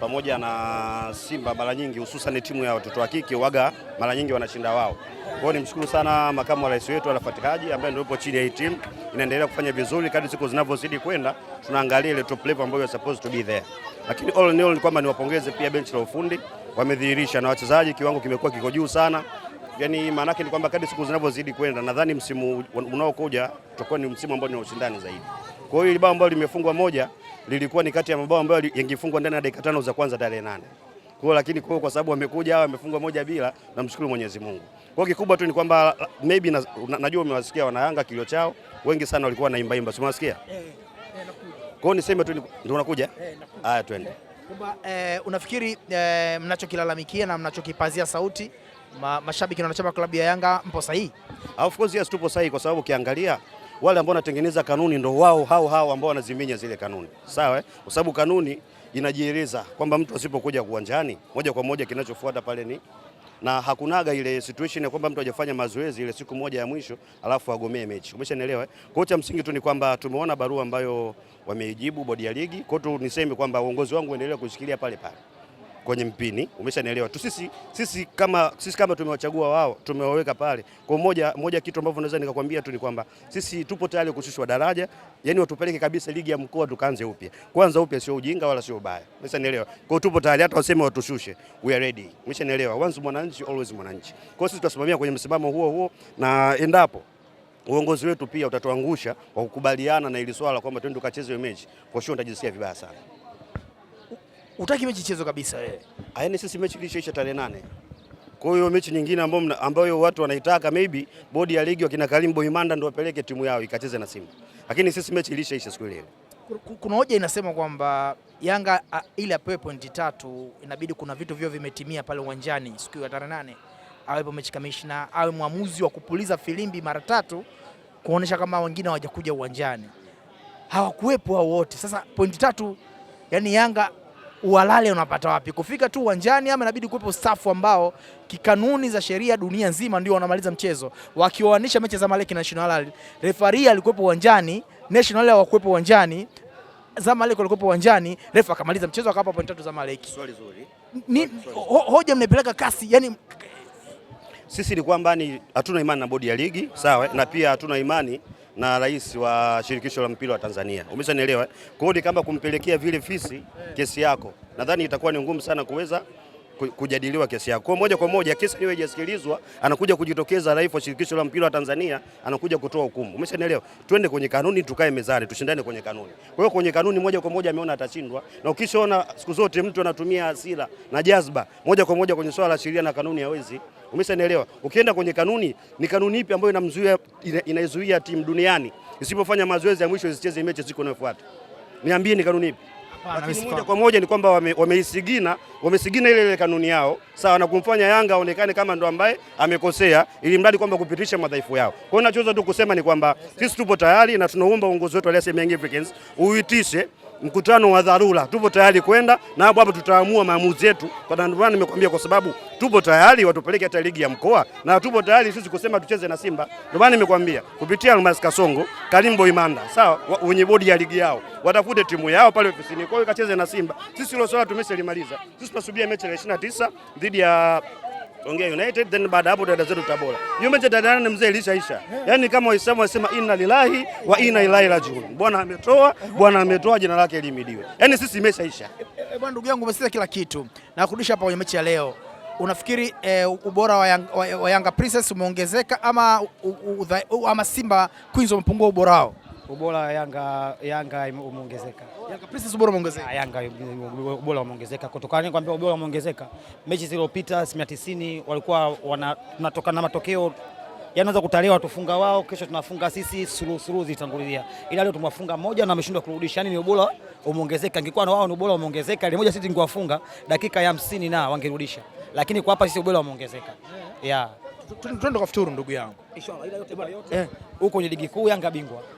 pamoja na Simba mara nyingi hususan timu ya watoto wa kike waga mara nyingi wanashinda wao. Kwa hiyo nimshukuru sana makamu wa rais wetu Arafat Haji ambaye ndio yupo chini ya hii timu, inaendelea kufanya vizuri kadri siku zinavyozidi kwenda, tunaangalia ile top level ambayo supposed to be there. Lakini all in all ni kwamba niwapongeze pia benchi la ufundi, wamedhihirisha na wachezaji, kiwango kimekuwa kiko juu sana. Yaani maana yake ni kwamba kadri siku zinavyozidi kwenda, nadhani msimu unaokuja utakuwa ni msimu ambao ni ushindani zaidi. Kwa hiyo ile bao ambalo limefungwa moja lilikuwa ni kati ya mabao ambayo yangefungwa ndani ya dakika tano za kwanza tarehe nane. Kwa lakini kwa, kwa sababu wamekuja hawa wamefungwa moja bila, namshukuru Mwenyezi Mungu. Kwa kikubwa tu ni kwamba maybe na, na, najua umewasikia Yanga kilio chao wengi sana walikuwa na imba. Umewasikia? Eh, eh, kwa hiyo niseme tu ndio unakuja? Eh, haya twende. Kumba, eh, unafikiri eh, mnachokilalamikia na mnachokipazia sauti ma, mashabiki na wanachama klabu ya Yanga mpo sahihi? Of course yes, tupo sahihi kwa sababu ukiangalia wale ambao wanatengeneza kanuni ndo wao hao hao ambao wanaziminya zile kanuni, sawa? Eh? Kwa sababu kanuni inajieleza kwamba mtu asipokuja uwanjani moja kwa moja kinachofuata pale ni na hakunaga ile situation ya kwamba mtu hajafanya mazoezi ile siku moja ya mwisho alafu agomee mechi. Umeshanielewa eh? Kwa hiyo cha msingi tu ni kwamba tumeona barua ambayo wameijibu bodi ya ligi. Kwa hiyo tu niseme kwamba uongozi wangu endelea kushikilia pale pale kwenye mpini, umeshanielewa tu. Sisi, sisi kama, sisi kama tumewachagua wao, tumewaweka pale kwa moja, moja kitu ambavyo naweza nikakwambia tu ni kwamba sisi tupo tayari kushushwa daraja, yani watupeleke kabisa ligi ya mkoa tukaanze upya. Kwanza upya sio ujinga wala sio ubaya, umeshanielewa. Kwa hiyo tupo tayari, hata waseme watushushe, we are ready, umeshanielewa. Once mwananchi always mwananchi. Kwa hiyo sisi tutasimamia kwenye msimamo huo huo na endapo uongozi wetu pia utatuangusha kwa kukubaliana na ile swala kwamba twende tukacheze mechi, kwa sure nitajisikia vibaya sana. Utaki mechi chezo kabisa wewe. Eh, yaani sisi mechi ilishaisha tarehe nane. Kwa hiyo mechi nyingine ambayo, ambayo watu wanaitaka maybe bodi ya ligi wakina Karim Boimanda ndio wapeleke timu yao ikacheze na Simba. Lakini sisi mechi ilishaisha siku ile. Kuna hoja inasema kwamba Yanga ili apewe pointi tatu inabidi kuna vitu vyo vimetimia pale uwanjani siku ya tarehe nane. Awepo mechi kamishna, awe mwamuzi wa kupuliza filimbi mara tatu kuonesha kama wengine hawajakuja uwanjani. Hawakuwepo hao wote. Sasa pointi tatu yani Yanga uhalali unapata wapi? Kufika tu uwanjani ama inabidi kuwepo stafu ambao kikanuni za sheria dunia nzima ndio wanamaliza mchezo, wakiwaanisha mechi za Zamalek na National Al. Refari alikuwepo uwanjani, National hawakuwepo uwanjani, Zamalek walikuwepo uwanjani, refa akamaliza mchezo akawapa pointi tatu Zamalek. Swali zuri. Ni ho, hoja mnaipeleka kasi, yani sisi ni kwamba ni hatuna imani na bodi ya ligi, sawa, na pia hatuna imani na rais wa shirikisho la mpira wa Tanzania. Umeshanielewa? Eh? Kwa hiyo kama kumpelekea vile fisi kesi yako, nadhani itakuwa ni ngumu sana kuweza kujadiliwa kesi yako. Kwa moja kwa moja kesi hiyo haijasikilizwa, anakuja kujitokeza rais wa shirikisho la mpira wa Tanzania, anakuja kutoa hukumu. Umeshanielewa? Twende kwenye kanuni, tukae mezani, tushindane kwenye kanuni. Kwa hiyo kwenye kanuni moja kwa moja ameona atashindwa, na ukishaona siku zote mtu anatumia hasira na jazba moja kwa moja kwenye swala la sheria na kanuni hawezi Umeshanielewa? Ukienda kwenye kanuni, ni kanuni ipi ambayo inamzuia inaizuia timu duniani isipofanya mazoezi ya mwisho isicheze mechi siku inayofuata? Niambie, ni kanuni ipi? Moja kwa moja ni kwamba wameisigina wame wamesigina ile ile kanuni yao sawa, na kumfanya Yanga aonekane kama ndo ambaye amekosea, ili mradi kwamba kupitisha madhaifu yao. Kwa hiyo nachoweza tu kusema ni kwamba sisi tupo tayari na tunaomba uongozi wetu wa Africans uitishe mkutano wa dharura, tupo tayari kwenda na hapo hapo tutaamua maamuzi yetu. Kwa nimekwambia kwa sababu tupo tayari watupeleke hata ligi ya mkoa, na tupo tayari sisi kusema tucheze na Simba. Ndio maana nimekwambia kupitia Almas Kasongo, Kalimbo Imanda, sawa, wenye bodi ya ligi yao watafute timu yao pale ofisini kwao ikacheze na Simba. Sisi hilo swala tumeshalimaliza. Sisi tunasubiria mechi ya 29 dhidi ya Songea United then baada hapo dada zetu Tabora. Yume cha dada ni mzee ilishaisha. Yaani kama Waislamu wasema inna lillahi wa inna ilaihi rajiun. Bwana ametoa, Bwana ametoa jina lake limidiwe Yaani sisi imeshaisha. Eh, e, e, bwana ndugu yangu umesikia kila kitu. Na kurudisha hapa kwenye mechi ya leo. Unafikiri e, ubora wa, yang, wa, wa Yanga Princess umeongezeka ama, ama Simba Queens wamepungua ubora wao? ubora wa Yanga Yanga umeongezeka. Yanga Princess ubora umeongezeka. Ah, Yanga ubora umeongezeka kutokana na kwamba ubora umeongezeka. Mechi zilizopita 90 walikuwa tunatoka na matokeo yanaweza yaani kutalewa, tufunga wao, kesho tunafunga sisi, suru suru zitangulia, ila leo tumwafunga moja na ameshindwa kurudisha. Yani ni ubora umeongezeka, ingekuwa na wao ni ubora umeongezeka, ile moja sisi tungewafunga dakika ya 50 na wangerudisha, lakini kwa hapa sisi ubora umeongezeka yeah. Twende kwa futuru ndugu yangu, inshallah, ila yote yote eh, huko kwenye ligi kuu Yanga bingwa